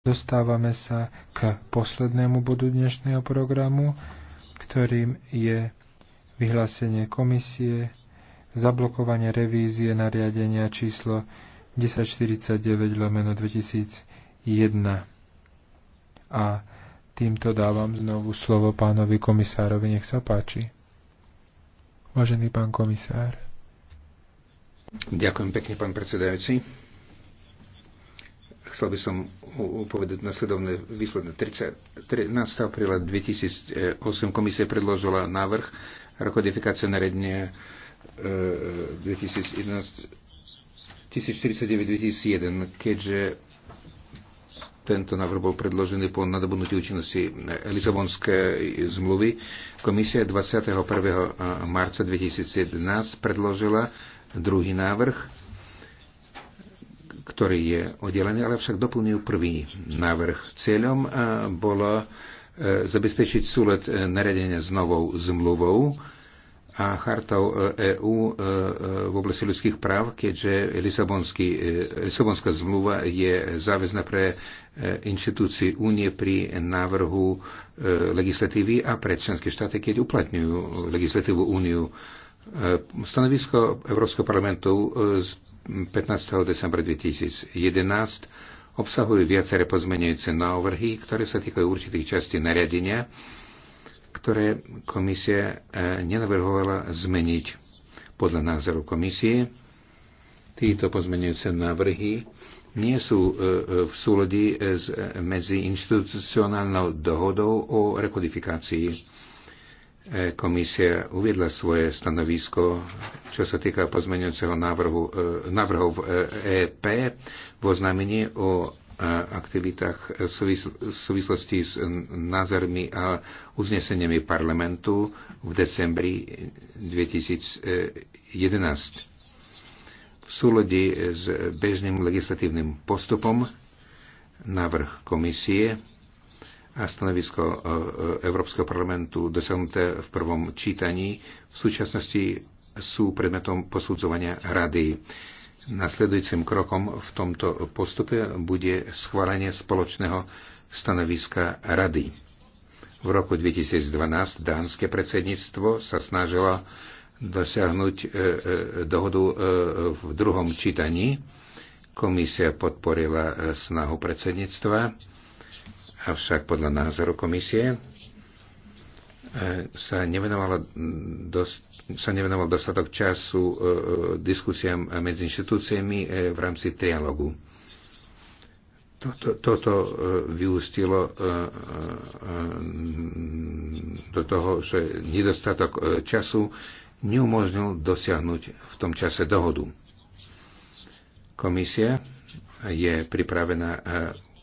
Dostávame sa k poslednému bodu dnešného programu, ktorým je vyhlásenie komisie zablokovanie revízie nariadenia číslo 1049 lomeno 2001. A týmto dávam znovu slovo pánovi komisárovi, nech sa páči. Vážený pán komisár. Ďakujem pekne, pán predsedajúci. Chcel by som upovedať nasledovné výsledné. 13. apríla 2008 komisia predložila návrh rekodifikácie nariadenia 1049-2001, e, keďže tento návrh bol predložený po nadobudnutí účinnosti Lisabonskej zmluvy. Komisia 21. marca 2011 predložila druhý návrh ktorý je oddelený, ale však doplňujú prvý návrh. Cieľom e, bolo e, zabezpečiť súlet naredenia s novou zmluvou a chartou EÚ e v oblasti ľudských práv, keďže Lisabonská zmluva je záväzná pre inštitúcii únie pri návrhu legislatívy a pre členské štáty, keď uplatňujú legislatívu úniu E, stanovisko Európskeho parlamentu e, z 15. decembra 2011 obsahuje viaceré pozmeňujúce návrhy, ktoré sa týkajú určitých častí nariadenia, ktoré komisia e, nenavrhovala zmeniť. Podľa názoru komisie títo pozmeňujúce návrhy nie sú v súlodi medzi inštitucionálnou dohodou o rekodifikácii E, Komisia uviedla svoje stanovisko, čo sa týka pozmeňujúceho návrhu, e, návrhov EP e v oznámení o aktivitách v súvislosti s názormi a uzneseniami parlamentu v decembri 2011. V súlodi s bežným legislatívnym postupom návrh komisie a stanovisko e, e, Európskeho parlamentu dosiahnuté v prvom čítaní v súčasnosti sú predmetom posudzovania rady. Nasledujúcim krokom v tomto postupe bude schválenie spoločného stanoviska rady. V roku 2012 dánske predsedníctvo sa snažilo dosiahnuť e, dohodu v druhom čítaní. Komisia podporila snahu predsedníctva Avšak podľa názoru komisie e, sa, dosť, sa nevenoval dostatok času e, diskusiám medzi inštitúciami e, v rámci trialogu. Toto, toto e, vyústilo e, e, do toho, že nedostatok e, času neumožnil dosiahnuť v tom čase dohodu. Komisia je pripravená e,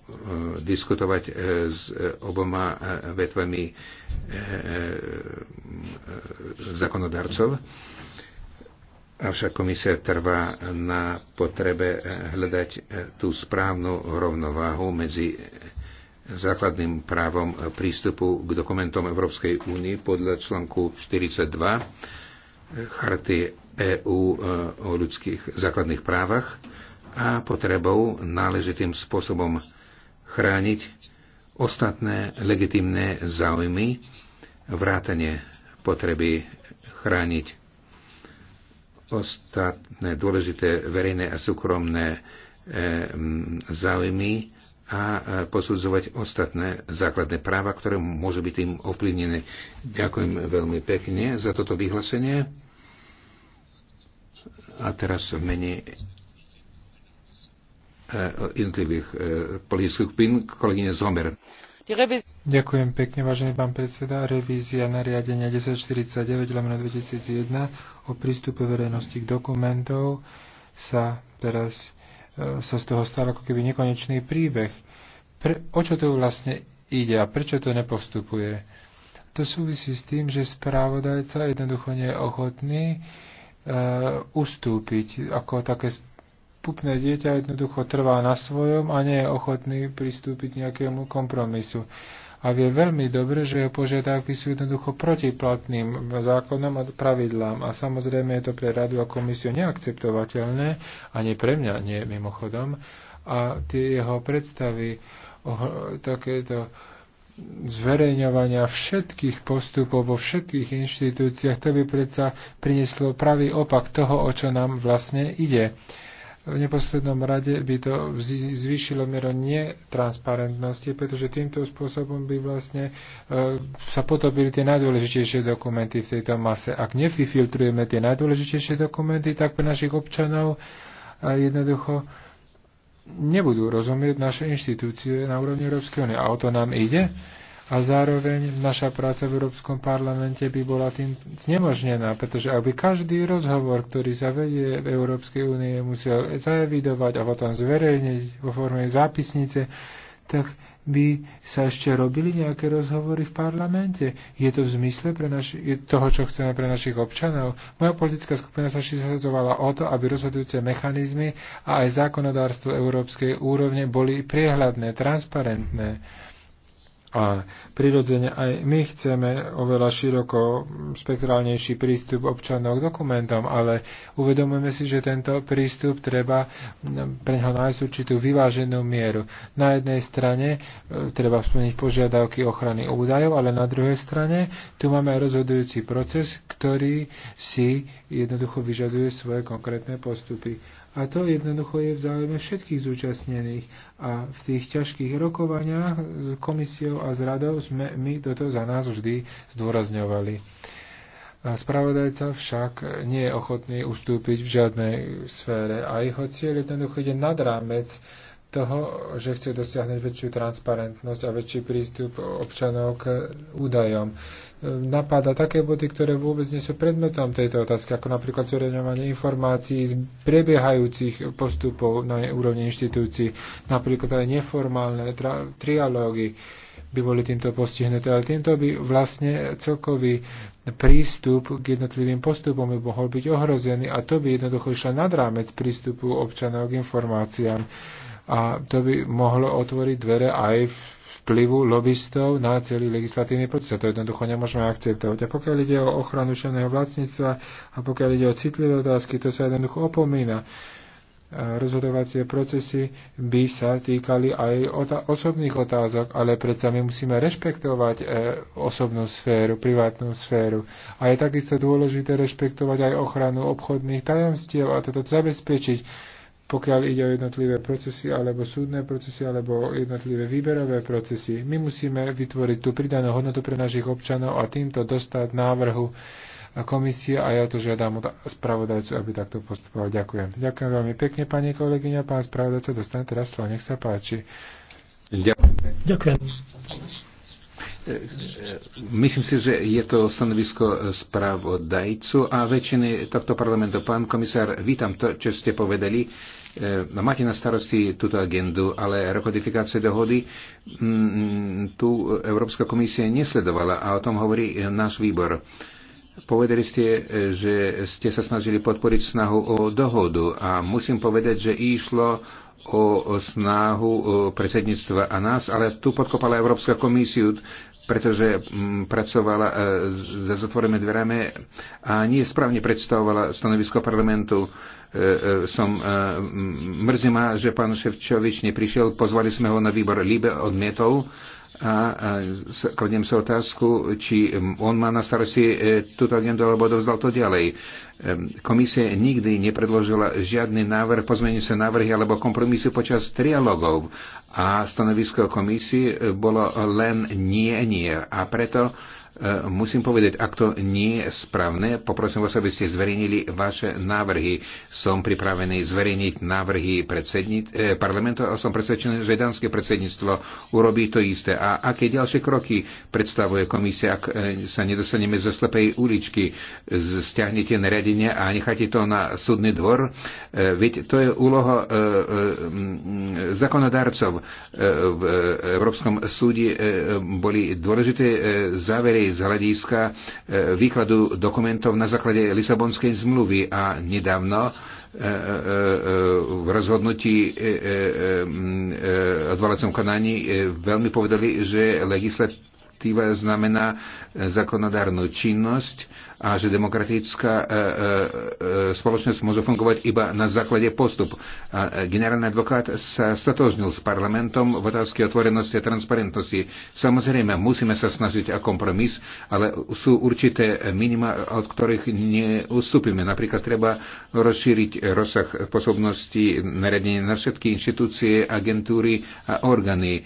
Eh, diskutovať eh, s eh, oboma vetvami zákonodarcov. Avšak komisia trvá na potrebe hľadať tú správnu rovnováhu medzi základným právom prístupu k dokumentom Európskej únie podľa článku 42 Charty EÚ o ľudských základných právach a potrebou náležitým spôsobom chrániť ostatné legitimné záujmy, vrátane potreby chrániť ostatné dôležité verejné a súkromné e, záujmy a e, posudzovať ostatné základné práva, ktoré môžu byť tým ovplyvnené. Ďakujem veľmi pekne za toto vyhlásenie. A teraz v mene E, jednotlivých e, politických skupín. Kolegyne Zomer. Ďakujem pekne, vážený pán predseda. Revízia nariadenia 1049 2001 o prístupe verejnosti k dokumentov sa teraz e, sa z toho stal ako keby nekonečný príbeh. Pre, o čo to vlastne ide a prečo to nepostupuje? To súvisí s tým, že správodajca jednoducho nie je ochotný e, ustúpiť ako také pupné dieťa jednoducho trvá na svojom a nie je ochotný pristúpiť nejakému kompromisu. A vie veľmi dobre, že jeho požiadavky sú jednoducho protiplatným zákonom a pravidlám. A samozrejme je to pre radu a komisiu neakceptovateľné, ani pre mňa nie mimochodom. A tie jeho predstavy o takéto zverejňovania všetkých postupov vo všetkých inštitúciách, to by predsa prinieslo pravý opak toho, o čo nám vlastne ide v neposlednom rade by to zvýšilo mieru netransparentnosti, pretože týmto spôsobom by vlastne e, sa potopili tie najdôležitejšie dokumenty v tejto mase. Ak nevyfiltrujeme tie najdôležitejšie dokumenty, tak pre našich občanov e, jednoducho nebudú rozumieť naše inštitúcie na úrovni Európskej únie. A o to nám ide a zároveň naša práca v Európskom parlamente by bola tým znemožnená, pretože ak by každý rozhovor, ktorý sa vedie v Európskej únie, musel zaevidovať a potom zverejniť vo forme zápisnice, tak by sa ešte robili nejaké rozhovory v parlamente. Je to v zmysle pre naši, toho, čo chceme pre našich občanov? Moja politická skupina sa zasadzovala o to, aby rozhodujúce mechanizmy a aj zákonodárstvo európskej úrovne boli priehľadné, transparentné. A prirodzene aj my chceme oveľa široko spektrálnejší prístup občanov k dokumentom, ale uvedomujeme si, že tento prístup treba no, pre ňo nájsť určitú vyváženú mieru. Na jednej strane e, treba splniť požiadavky ochrany údajov, ale na druhej strane tu máme aj rozhodujúci proces, ktorý si jednoducho vyžaduje svoje konkrétne postupy. A to jednoducho je v záujme všetkých zúčastnených. A v tých ťažkých rokovaniach s komisiou a s radou sme my toto za nás vždy zdôrazňovali. A spravodajca však nie je ochotný ustúpiť v žiadnej sfére a jeho cieľ jednoducho ide nad rámec toho, že chce dosiahnuť väčšiu transparentnosť a väčší prístup občanov k údajom. Napáda také body, ktoré vôbec nie sú predmetom tejto otázky, ako napríklad zverejňovanie informácií z prebiehajúcich postupov na úrovni inštitúcií, napríklad aj neformálne trialógy by boli týmto postihnuté, ale týmto by vlastne celkový prístup k jednotlivým postupom by mohol byť ohrozený a to by jednoducho išlo nad rámec prístupu občanov k informáciám a to by mohlo otvoriť dvere aj vplyvu lobbystov na celý legislatívny proces. A to jednoducho nemôžeme akceptovať. A pokiaľ ide o ochranu duševného vlastníctva a pokiaľ ide o citlivé otázky, to sa jednoducho opomína rozhodovacie procesy by sa týkali aj osobných otázok, ale predsa my musíme rešpektovať e, osobnú sféru, privátnu sféru. A je takisto dôležité rešpektovať aj ochranu obchodných tajomstiev a toto zabezpečiť pokiaľ ide o jednotlivé procesy, alebo súdne procesy, alebo jednotlivé výberové procesy. My musíme vytvoriť tú pridanú hodnotu pre našich občanov a týmto dostať návrhu komisie a ja to žiadam od spravodajcu, aby takto postupoval. Ďakujem. Ďakujem veľmi pekne, pani kolegyňa. Pán spravodajca dostane teraz slovo. Nech sa páči. Ďakujem. Myslím si, že je to stanovisko správodajcu a väčšiny tohto parlamentu. Pán komisár, vítam to, čo ste povedali. E, máte na starosti túto agendu, ale rekodifikácia dohody mm, tu Európska komisia nesledovala a o tom hovorí náš výbor. Povedali ste, že ste sa snažili podporiť snahu o dohodu a musím povedať, že išlo o snahu predsedníctva a nás, ale tu podkopala Európska komisiu, pretože mm, pracovala e, za zatvorenými dverami a nie správne predstavovala stanovisko parlamentu E, e, som, e, mrzí ma, že pán Ševčovič neprišiel, pozvali sme ho na výbor Líbe, odmietol a, a kladiem sa otázku, či on má na starosti túto agendu alebo dovzdal to ďalej. Komisia nikdy nepredložila žiadny návrh, pozmeniť sa návrhy alebo kompromisy počas trialogov a stanovisko komisie bolo len nie, nie. A preto E, musím povedať, ak to nie je správne, poprosím vás, aby ste zverejnili vaše návrhy. Som pripravený zverejniť návrhy eh, parlamentu a som presvedčený, že dánske predsedníctvo urobí to isté. A aké ďalšie kroky predstavuje komisia, ak e, sa nedostaneme zo slepej uličky? Stiahnete nariadenie a necháte to na súdny dvor? Veď to je úloha eh, eh, zákonodárcov. V Európskom súde boli dôležité závery aj z hľadiska e, výkladu dokumentov na základe Lisabonskej zmluvy a nedávno e, e, v rozhodnutí odvolacom konaní veľmi povedali, že legislatíva znamená zákonodárnu činnosť a že demokratická e, e, e, spoločnosť môže fungovať iba na základe postupu. generálny advokát sa stotožnil s parlamentom v otázke otvorenosti a transparentnosti. Samozrejme, musíme sa snažiť o kompromis, ale sú určité minima, od ktorých neustúpime. Napríklad treba rozšíriť rozsah posobností naredenia na všetky inštitúcie, agentúry a orgány.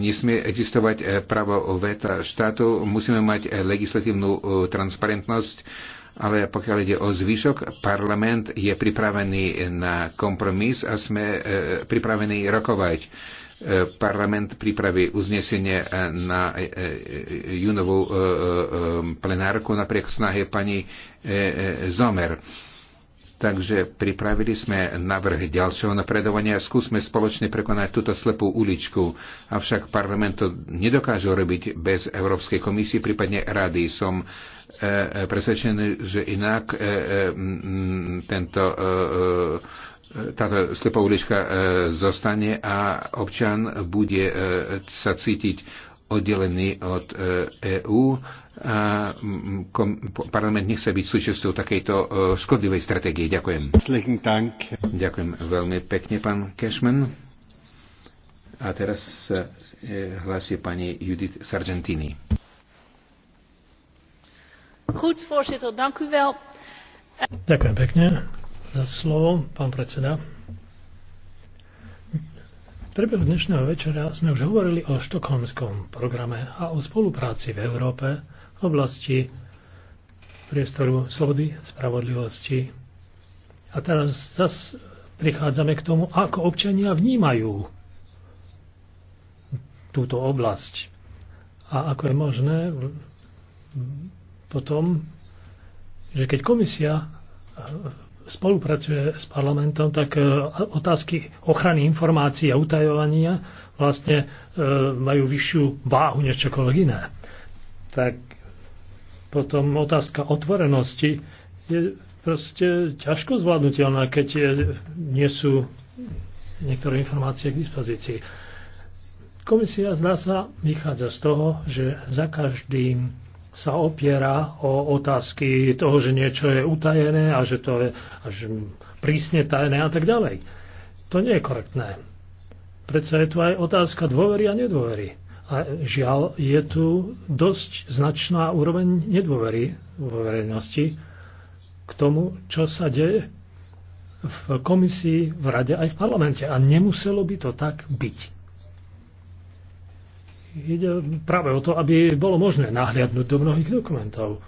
Nesmie existovať právo veta štátu, musíme mať legislatívnu transparentnosť, ale pokiaľ ide o zvyšok, parlament je pripravený na kompromis a sme e, pripravení rokovať. E, parlament pripraví uznesenie na e, junovú plenárku napriek snahe pani Zomer Takže pripravili sme navrh ďalšieho napredovania. a Skúsme spoločne prekonať túto slepú uličku. Avšak parlament to nedokáže robiť bez Európskej komisie, prípadne rady. Som e, e, presvedčený, že inak e, tento táto slepá ulička zostane a občan bude sa cítiť oddelený od EÚ a e e, parlament nechce byť súčasťou takejto e, škodlivej stratégie. Ďakujem. Ďakujem veľmi pekne, pán Cashman. A teraz sa hlási pani Judith Sargentini. Goed, voorzitter, dank u wel. Ďakujem pekne za slovo, pán predseda priebehu dnešného večera sme už hovorili o štokholmskom programe a o spolupráci v Európe v oblasti priestoru slobody, spravodlivosti. A teraz zase prichádzame k tomu, ako občania vnímajú túto oblasť a ako je možné potom, že keď komisia spolupracuje s parlamentom, tak e, otázky ochrany informácií a utajovania vlastne e, majú vyššiu váhu než čokoľvek iné. Tak potom otázka otvorenosti je proste ťažko zvládnutelná, keď je, nie sú niektoré informácie k dispozícii. Komisia zdá sa vychádza z toho, že za každým sa opiera o otázky toho, že niečo je utajené a že to je až prísne tajné a tak ďalej. To nie je korektné. Predsa je tu aj otázka dôvery a nedôvery. A žiaľ, je tu dosť značná úroveň nedôvery vo verejnosti k tomu, čo sa deje v komisii, v rade aj v parlamente. A nemuselo by to tak byť. Ide práve o to, aby bolo možné nahliadnúť do mnohých dokumentov.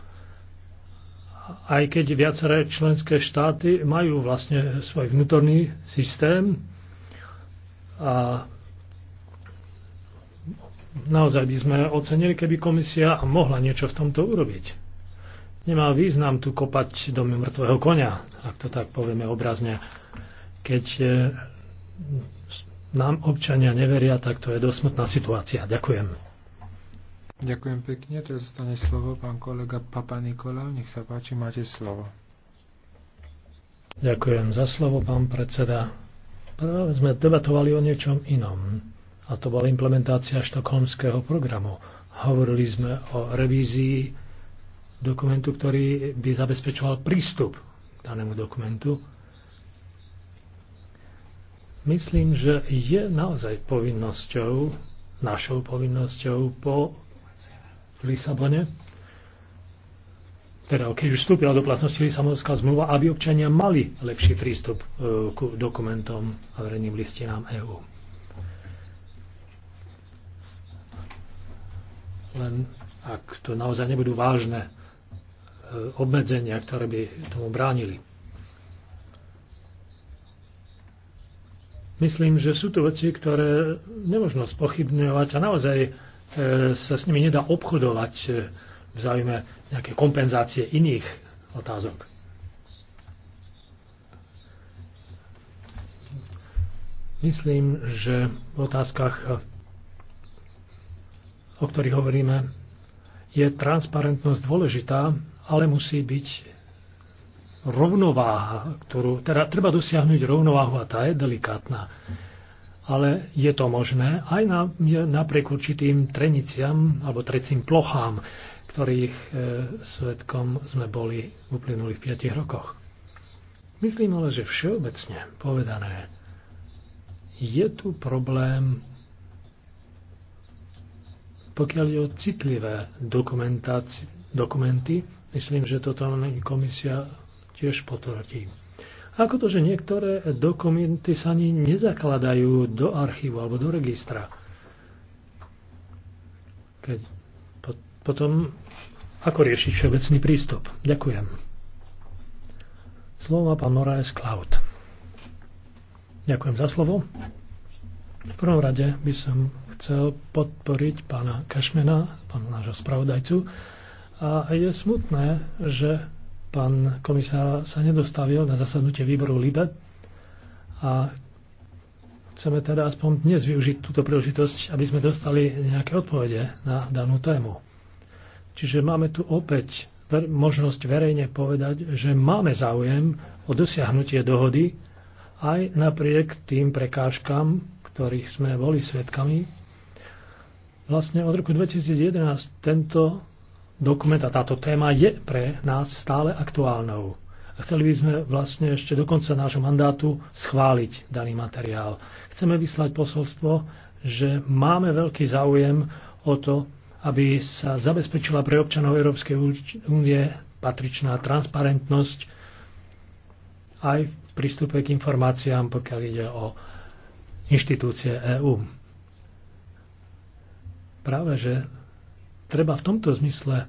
Aj keď viaceré členské štáty majú vlastne svoj vnútorný systém a naozaj by sme ocenili, keby komisia mohla niečo v tomto urobiť. Nemá význam tu kopať do mŕtvého konia, ak to tak povieme obrazne, keď eh, nám občania neveria, tak to je dosmutná situácia. Ďakujem. Ďakujem pekne. Teraz dostane slovo pán kolega Papa Nikola. Nech sa páči, máte slovo. Ďakujem za slovo, pán predseda. Práve sme debatovali o niečom inom. A to bola implementácia štokholmského programu. Hovorili sme o revízii dokumentu, ktorý by zabezpečoval prístup k danému dokumentu Myslím, že je naozaj povinnosťou, našou povinnosťou po Lisabone, teda keď už vstúpila do platnosti Lisabonská zmluva, aby občania mali lepší prístup e, k dokumentom a verejným listinám EÚ. Len ak to naozaj nebudú vážne e, obmedzenia, ktoré by tomu bránili. Myslím, že sú to veci, ktoré nemožno spochybňovať a naozaj e, sa s nimi nedá obchodovať e, v záujme nejaké kompenzácie iných otázok. Myslím, že v otázkach, o ktorých hovoríme, je transparentnosť dôležitá, ale musí byť rovnováha, ktorú, teda treba dosiahnuť rovnováhu a tá je delikátna. Ale je to možné aj na, napriek určitým treniciam alebo trecím plochám, ktorých e, svetkom sme boli v uplynulých 5 rokoch. Myslím ale, že všeobecne povedané je tu problém, pokiaľ je o citlivé dokumenty, myslím, že toto komisia tiež potvrdí. Ako to, že niektoré dokumenty sa ani nezakladajú do archívu alebo do registra? Keď potom, ako riešiť všeobecný prístup? Ďakujem. Slovo má pán Moraes Cloud. Ďakujem za slovo. V prvom rade by som chcel podporiť pána Kašmena, pána nášho spravodajcu. A je smutné, že Pán komisár sa nedostavil na zasadnutie výboru LIBE a chceme teda aspoň dnes využiť túto príležitosť, aby sme dostali nejaké odpovede na danú tému. Čiže máme tu opäť možnosť verejne povedať, že máme záujem o dosiahnutie dohody aj napriek tým prekážkam, ktorých sme boli svetkami. Vlastne od roku 2011 tento dokument a táto téma je pre nás stále aktuálnou. A chceli by sme vlastne ešte do konca nášho mandátu schváliť daný materiál. Chceme vyslať posolstvo, že máme veľký záujem o to, aby sa zabezpečila pre občanov Európskej únie patričná transparentnosť aj v prístupe k informáciám, pokiaľ ide o inštitúcie EÚ. Práve že Treba v tomto zmysle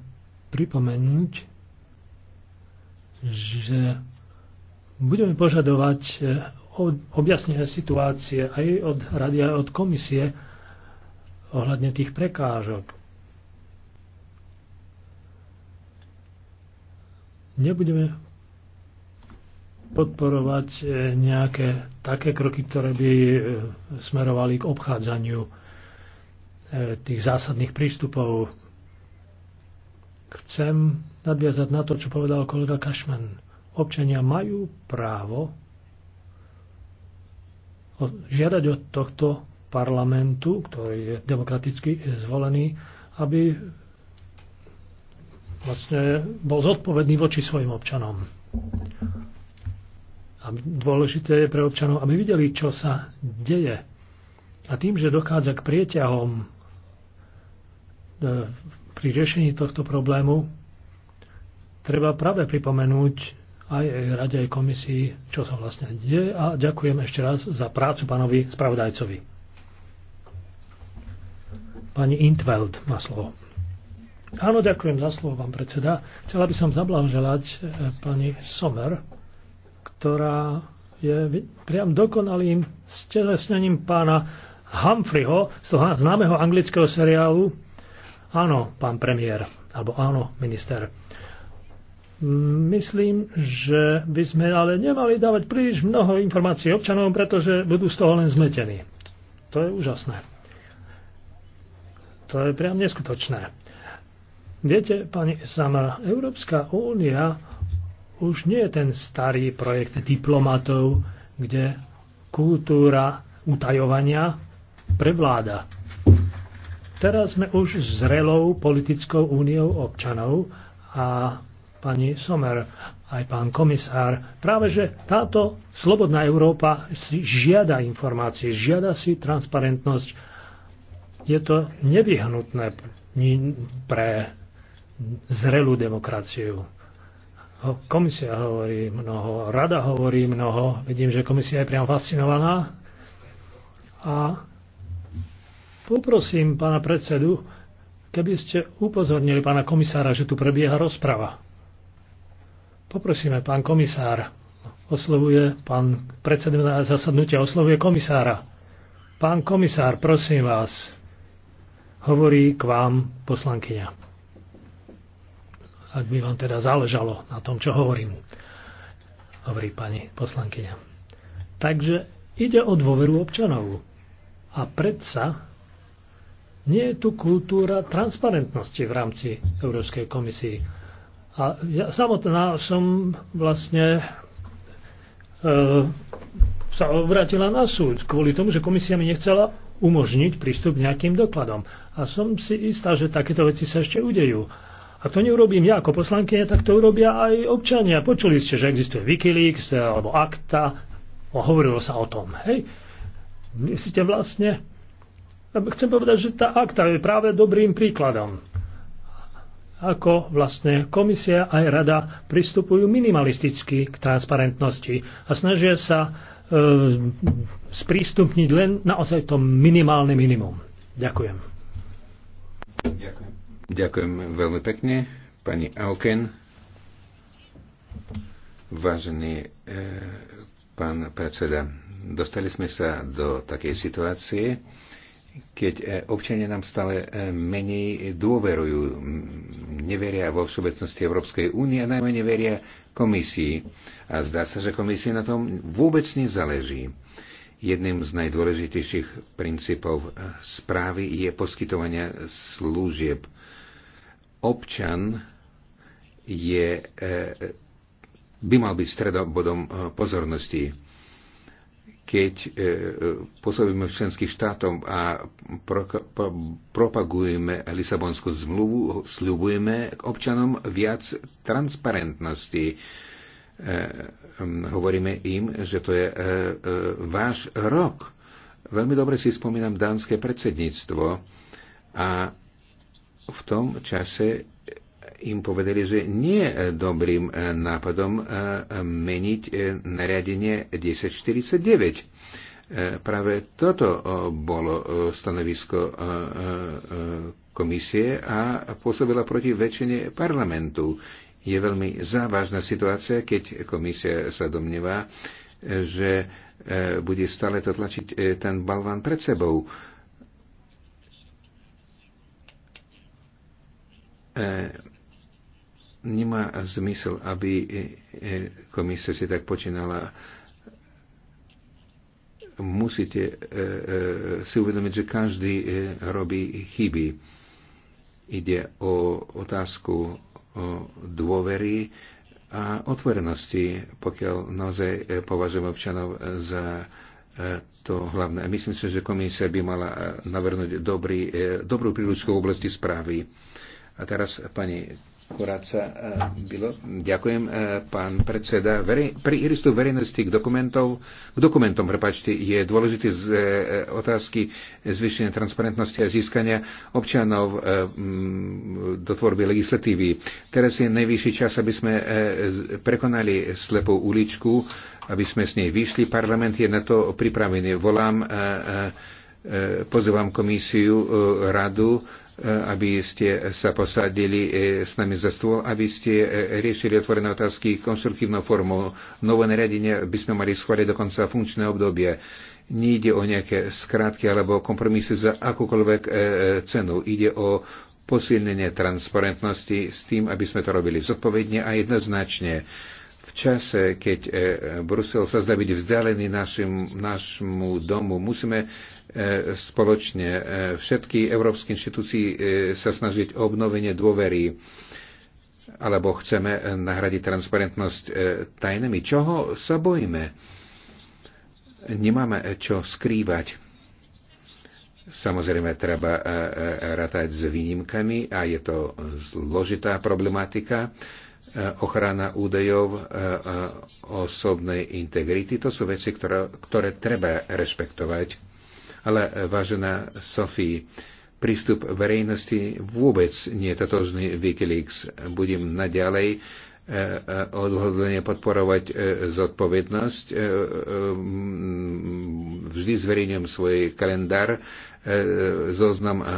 pripomenúť, že budeme požadovať eh, objasnenie situácie aj od rady, aj od komisie ohľadne tých prekážok. Nebudeme podporovať eh, nejaké také kroky, ktoré by eh, smerovali k obchádzaniu tých zásadných prístupov chcem nadviazať na to, čo povedal kolega Kašman. Občania majú právo žiadať od tohto parlamentu, ktorý je demokraticky zvolený, aby vlastne bol zodpovedný voči svojim občanom. A dôležité je pre občanov, aby videli, čo sa deje. A tým, že dochádza k prieťahom e, pri riešení tohto problému treba práve pripomenúť aj rade, aj komisii, čo sa vlastne deje a ďakujem ešte raz za prácu pánovi spravodajcovi. Pani Intveld má slovo. Áno, ďakujem za slovo, pán predseda. Chcela by som zablahoželať e, pani Somer, ktorá je priam dokonalým stelesnením pána Humphreyho známeho anglického seriálu Áno, pán premiér, alebo áno, minister. Myslím, že by sme ale nemali dávať príliš mnoho informácií občanom, pretože budú z toho len zmetení. To je úžasné. To je priam neskutočné. Viete, pani Sama, Európska únia už nie je ten starý projekt diplomatov, kde kultúra utajovania prevláda. Teraz sme už zrelou politickou úniou občanov a pani Somer, aj pán komisár, práve že táto slobodná Európa si žiada informácie, žiada si transparentnosť. Je to nevyhnutné pre zrelú demokraciu. Komisia hovorí mnoho, rada hovorí mnoho, vidím, že komisia je priam fascinovaná a Poprosím pána predsedu, keby ste upozornili pána komisára, že tu prebieha rozprava. Poprosíme, pán komisár, oslovuje pán predseda zasadnutia, oslovuje komisára. Pán komisár, prosím vás, hovorí k vám poslankyňa. Ak by vám teda záležalo na tom, čo hovorím, hovorí pani poslankyňa. Takže ide o dôveru občanov. A predsa nie je tu kultúra transparentnosti v rámci Európskej komisii. A ja samotná som vlastne e, sa obrátila na súd kvôli tomu, že komisia mi nechcela umožniť prístup k nejakým dokladom. A som si istá, že takéto veci sa ešte udejú. A to neurobím ja ako poslankyňa, tak to urobia aj občania. Počuli ste, že existuje Wikileaks alebo Akta. Hovorilo sa o tom. Hej, myslíte vlastne, Chcem povedať, že tá akta je práve dobrým príkladom ako vlastne komisia aj rada pristupujú minimalisticky k transparentnosti a snažia sa e, sprístupniť len naozaj to minimálne minimum. Ďakujem. Ďakujem. Ďakujem veľmi pekne. Pani Auken, vážený e, pán predseda, dostali sme sa do takej situácie, keď e, občania nám stále e, menej dôverujú, neveria vo všeobecnosti Európskej únie a najmä neveria komisii. A zdá sa, že komisii na tom vôbec nezáleží. Jedným z najdôležitejších princípov e, správy je poskytovanie služieb. Občan je, by mal byť stredobodom pozornosti keď e, e, pôsobíme v členských štátom a propagujeme Lisabonskú zmluvu, sľubujeme občanom viac transparentnosti. E, hovoríme im, že to je váš rok. Veľmi dobre si spomínam dánske predsedníctvo a v tom čase im povedali, že nie je dobrým e, nápadom e, meniť e, nariadenie 1049. Práve toto bolo stanovisko komisie a pôsobila proti väčšine parlamentu. Je veľmi závažná situácia, keď komisia sa domnieva, že bude stále to tlačiť ten balván pred sebou. E, nemá zmysel, aby e, e, komisia si tak počínala. Musíte e, si uvedomiť, že každý robí chyby. Ide o otázku o dôvery a otvorenosti, pokiaľ naozaj považujeme občanov za to hlavné. myslím si, že komisia by mala navrhnúť dobrú príručku v oblasti správy. A teraz pani Kuráca e, bylo. Ďakujem, e, pán predseda. Pri iristu verejnosti k, dokumentov, k dokumentom prepačte, je dôležité z e, otázky zvýšenia transparentnosti a získania občanov do tvorby legislatívy. Teraz je najvyšší čas, aby sme prekonali slepú uličku, aby sme s nej vyšli. Parlament je na to pripravený. Volám, pozývam komisiu, radu, Eh, aby ste sa posadili eh, s nami za stôl, aby ste eh, riešili otvorené otázky konštruktívnou formou. Nové nariadenie by sme mali schváliť do konca funkčného obdobia. Nejde o nejaké skrátky alebo kompromisy za akúkoľvek cenu. Ide o posilnenie transparentnosti s tým, aby sme to robili zodpovedne a jednoznačne v čase, keď e, Brusel sa zdá byť vzdialený našim, našmu domu, musíme e, spoločne e, všetky európske inštitúcii sa snažiť o obnovenie dôvery alebo chceme nahradiť transparentnosť tajnými. Čoho sa bojíme? Nemáme čo skrývať. Samozrejme, treba rátať s výnimkami a je to zložitá problematika Eh, ochrana údajov eh, eh, osobnej integrity. To sú veci, ktoré, ktoré treba rešpektovať. Ale vážená Sofie, prístup verejnosti vôbec nie je totožný Wikileaks. Budem naďalej odhodlenie podporovať zodpovednosť. Vždy zverejňujem svoj kalendár E, zoznam e, e,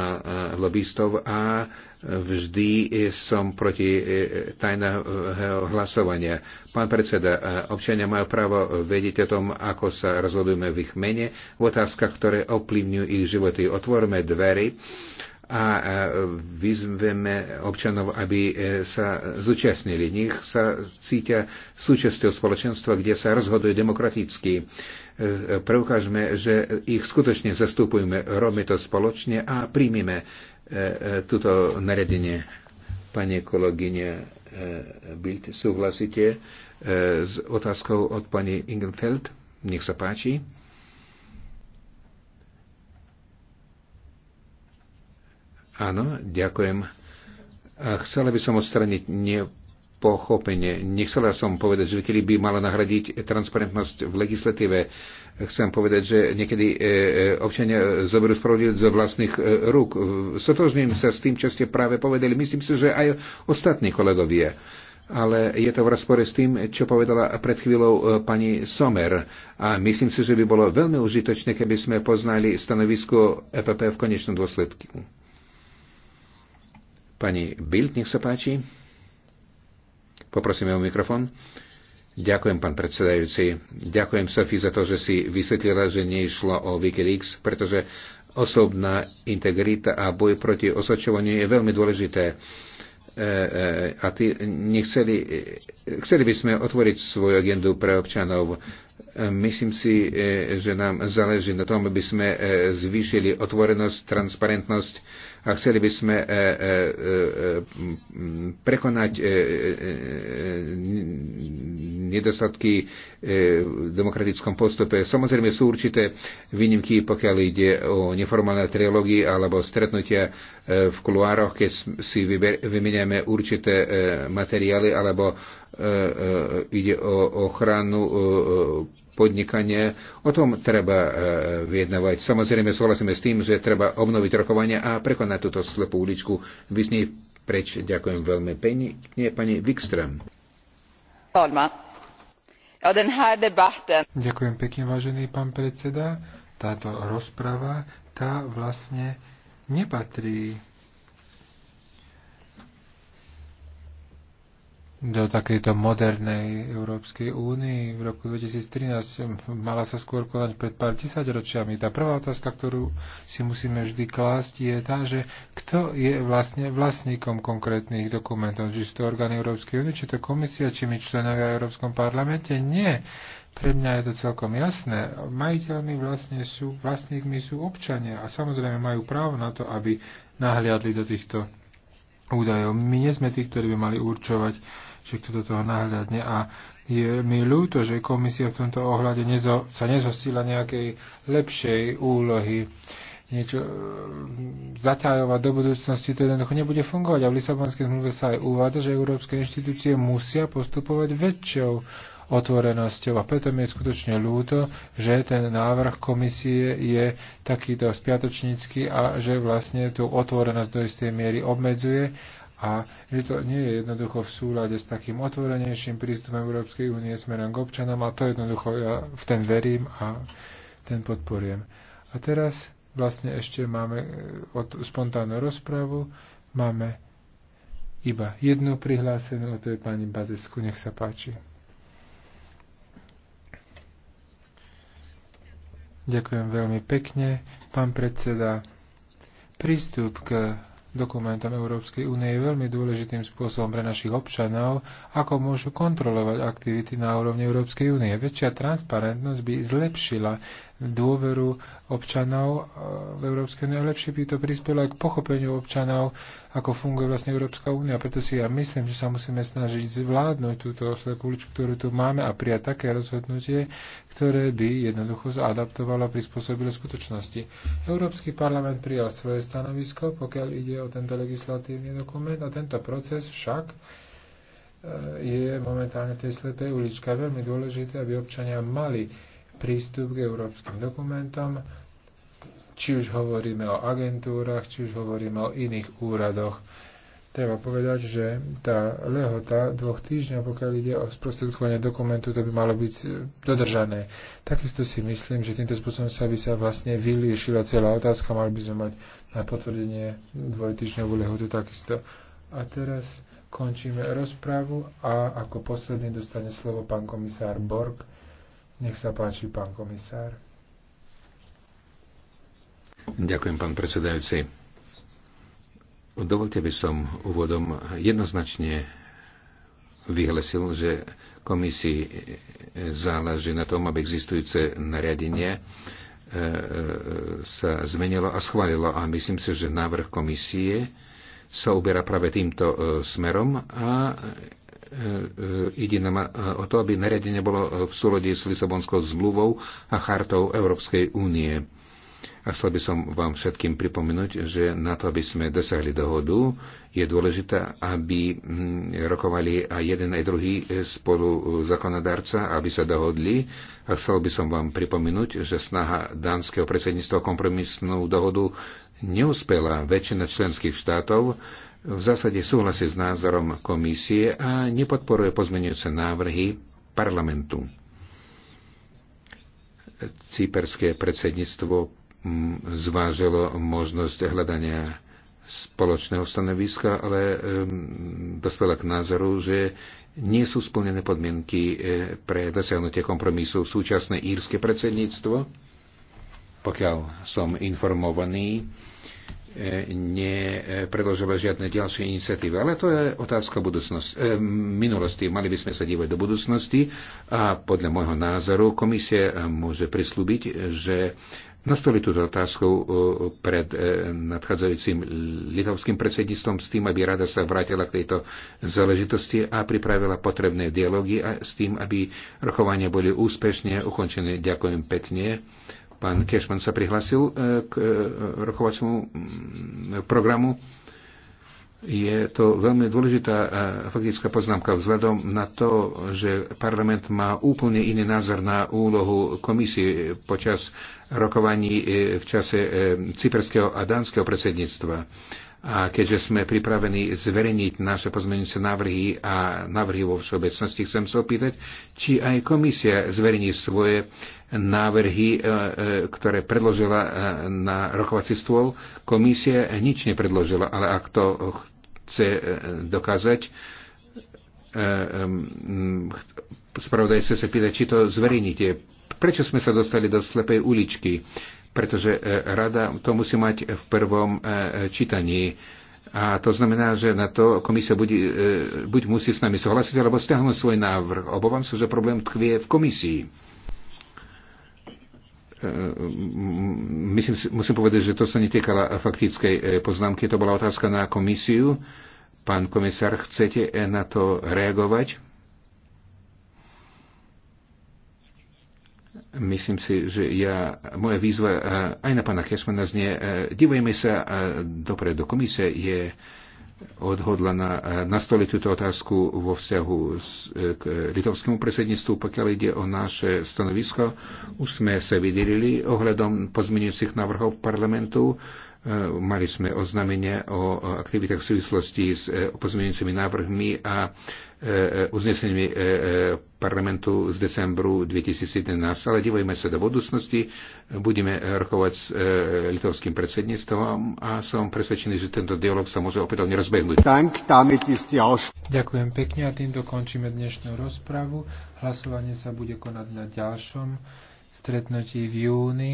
lobbystov a vždy som proti tajného hlasovania. Pán predseda, občania majú právo vedieť o tom, ako sa rozhodujeme v ich mene, v otázkach, ktoré ovplyvňujú ich životy. Otvorme dvery a e, vyzveme občanov, aby e, sa zúčastnili. Nech sa cítia súčasťou spoločenstva, kde sa rozhoduje demokraticky. E, preukážme, že ich skutočne zastupujeme, robíme to spoločne a príjmime túto naredenie. Pani kolegyne Bild, súhlasíte s otázkou od pani Ingenfeld? Nech sa páči. Áno, ďakujem. A chcela by som odstraniť nepochopenie. Nechcela som povedať, že kedy by mala nahradiť transparentnosť v legislatíve. Chcem povedať, že niekedy e, e, občania zoberú spravodlivosť zo vlastných e, rúk. Sotožním sa s tým, čo ste práve povedali. Myslím si, že aj ostatní kolegovia ale je to v rozpore s tým, čo povedala pred chvíľou pani Somer. A myslím si, že by bolo veľmi užitočné, keby sme poznali stanovisko EPP v konečnom dôsledku. Pani Bild, nech sa páči. Poprosíme o mikrofón. Ďakujem, pán predsedajúci. Ďakujem, Sofi, za to, že si vysvetlila, že nešlo o Wikileaks, pretože osobná integrita a boj proti osočovaniu je veľmi dôležité. E, e, a ty nechceli, chceli by sme otvoriť svoju agendu pre občanov. Myslím si, e, že nám záleží na tom, aby sme zvýšili otvorenosť, transparentnosť a chceli by sme e, e, e, prekonať nedostatky v demokratickom postupe. Samozrejme sú určité výnimky, pokiaľ ide o neformálne trilógie alebo stretnutia v kuluároch, keď si vymeniame určité materiály alebo ide o ochranu podnikanie. O tom treba e, vyjednávať. Samozrejme súhlasíme s tým, že treba obnoviť rokovania a prekonať túto slepú uličku. Vy s nej preč. Ďakujem veľmi pekne, pani Wikström. Ďakujem pekne, vážený pán predseda. Táto rozprava, tá vlastne nepatrí do takejto modernej Európskej únii v roku 2013 mala sa skôr konať pred pár tisaťročiami. Tá prvá otázka, ktorú si musíme vždy klásť, je tá, že kto je vlastne vlastníkom konkrétnych dokumentov. Či sú to orgány Európskej únie, či to komisia, či my členovia v Európskom parlamente. Nie. Pre mňa je to celkom jasné. Majiteľmi vlastne sú, vlastníkmi sú občania a samozrejme majú právo na to, aby nahliadli do týchto údajov. My nie sme tí, ktorí by mali určovať, že kto do toho nahľadne. A je mi ľúto, že komisia v tomto ohľade nezo, sa nezostila nejakej lepšej úlohy niečo e, zaťajovať do budúcnosti, to jednoducho nebude fungovať. A v Lisabonskej zmluve sa aj uvádza, že európske inštitúcie musia postupovať väčšou otvorenosťou. A preto mi je skutočne ľúto, že ten návrh komisie je takýto spiatočnícky a že vlastne tú otvorenosť do istej miery obmedzuje a že to nie je jednoducho v súlade s takým otvorenejším prístupom Európskej únie smerom k občanom a to jednoducho ja v ten verím a ten podporujem. A teraz vlastne ešte máme e, od spontánnu rozpravu, máme iba jednu prihlásenú, a to je pani Bazesku, nech sa páči. Ďakujem veľmi pekne, pán predseda. Prístup k dokumentom Európskej únie je veľmi dôležitým spôsobom pre našich občanov, ako môžu kontrolovať aktivity na úrovni Európskej únie. Väčšia transparentnosť by zlepšila dôveru občanov e, v Európskej únie, ale lepšie by to prispelo aj k pochopeniu občanov, ako funguje vlastne Európska únia. Preto si ja myslím, že sa musíme snažiť zvládnuť túto kuličku, ktorú tu máme a prijať také rozhodnutie, ktoré by jednoducho zaadaptovalo a prispôsobilo skutočnosti. Európsky parlament prijal svoje stanovisko, pokiaľ ide o tento legislatívny dokument a tento proces však e, je momentálne tej slepej ulička. Veľmi dôležité, aby občania mali prístup k európskym dokumentom, či už hovoríme o agentúrach, či už hovoríme o iných úradoch. Treba povedať, že tá lehota dvoch týždňov, pokiaľ ide o sprostredkovanie dokumentu, to by malo byť dodržané. Takisto si myslím, že týmto spôsobom sa by sa vlastne vyliešila celá otázka, mali by sme mať na potvrdenie dvojtýždňovú lehotu takisto. A teraz končíme rozprávu a ako posledný dostane slovo pán komisár Borg nech sa páči, pán komisár. Ďakujem, pán predsedajúci. Dovolte by som úvodom jednoznačne vyhlesil, že komisii záleží na tom, aby existujúce nariadenie e, e, sa zmenilo a schválilo. A myslím si, že návrh komisie sa uberá práve týmto e, smerom a E, e, ide nám e, o to, aby nariadenie bolo v súrodi s Lisabonskou zmluvou a chartou Európskej únie. A chcel by som vám všetkým pripomenúť, že na to, aby sme dosiahli dohodu, je dôležité, aby mm, rokovali aj jeden aj druhý spolu zákonodárca, aby sa dohodli. A chcel by som vám pripomenúť, že snaha dánskeho predsedníctva kompromisnú dohodu neúspela. Väčšina členských štátov v zásade súhlasí s názorom komisie a nepodporuje pozmenujúce návrhy parlamentu. Cyperské predsedníctvo mm, zvážilo možnosť hľadania spoločného stanoviska, ale dospela k názoru, že nie sú splnené podmienky eh, pre dosiahnutie kompromisu v súčasné írske predsedníctvo pokiaľ som informovaný, e, nepredložila žiadne ďalšie iniciatívy. Ale to je otázka budúcnosti, e, minulosti. Mali by sme sa dívať do budúcnosti a podľa môjho názoru komisie môže prislúbiť, že nastoli túto otázku e, pred nadchádzajúcim litovským predsedníctvom s tým, aby rada sa vrátila k tejto záležitosti a pripravila potrebné dialógy a s tým, aby rokovania boli úspešne ukončené. Ďakujem pekne. Pán Kešman sa prihlasil e, k e, rokovaciemu mm, programu. Je to veľmi dôležitá e, faktická poznámka vzhľadom na to, že parlament má úplne iný názor na úlohu komisie počas rokovaní v čase cyperského a dánskeho predsedníctva. A keďže sme pripravení zverejniť naše pozmeňujúce návrhy a návrhy vo všeobecnosti, chcem sa opýtať, či aj komisia zverejní svoje návrhy, e, e, ktoré predložila e, na rokovací stôl. Komisia nič nepredložila, ale ak to chce dokázať, spravodajce sa pýta, či to zverejníte. Prečo sme sa dostali do slepej uličky? pretože e, rada to musí mať v prvom e, čítaní. A to znamená, že na to komisia bude, e, buď musí s nami súhlasiť, alebo stiahnuť svoj návrh. Obávam sa, že problém tkvie v komisii. Myslím, musím povedať, že to sa netýkala faktickej poznámky, to bola otázka na komisiu. Pán komisár, chcete na to reagovať? Myslím si, že ja, moja výzva e, aj na pána Kešmana znie, e, divujeme sa e, dopredu. Komisia je odhodlaná nastoliť túto otázku vo vzťahu k litovskému predsedníctvu, pokiaľ ide o naše stanovisko. Už sme sa vydelili ohľadom pozmeňujúcich návrhov parlamentu. E, mali sme oznámenie o aktivitách v súvislosti s e, pozmeňujúcimi návrhmi a e, uzneseniami parlamentu z decembru 2017, ale divujeme sa do budúcnosti, budeme rokovať s litovským predsedníctvom a som presvedčený, že tento dialog sa môže opätovne rozbehnúť. Ďakujem pekne a tým dokončíme dnešnú rozpravu. Hlasovanie sa bude konať na ďalšom stretnutí v júni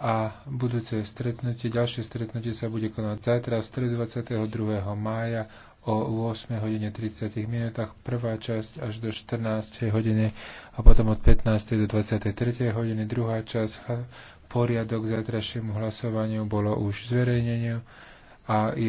a budúce stretnutie, ďalšie stretnutie sa bude konať zajtra, v stredu 22. mája o 8 hodine 30 minútach, prvá časť až do 14 hodine a potom od 15. do 23. hodiny druhá časť. Poriadok zajtrajšiemu hlasovaniu bolo už zverejnenie a je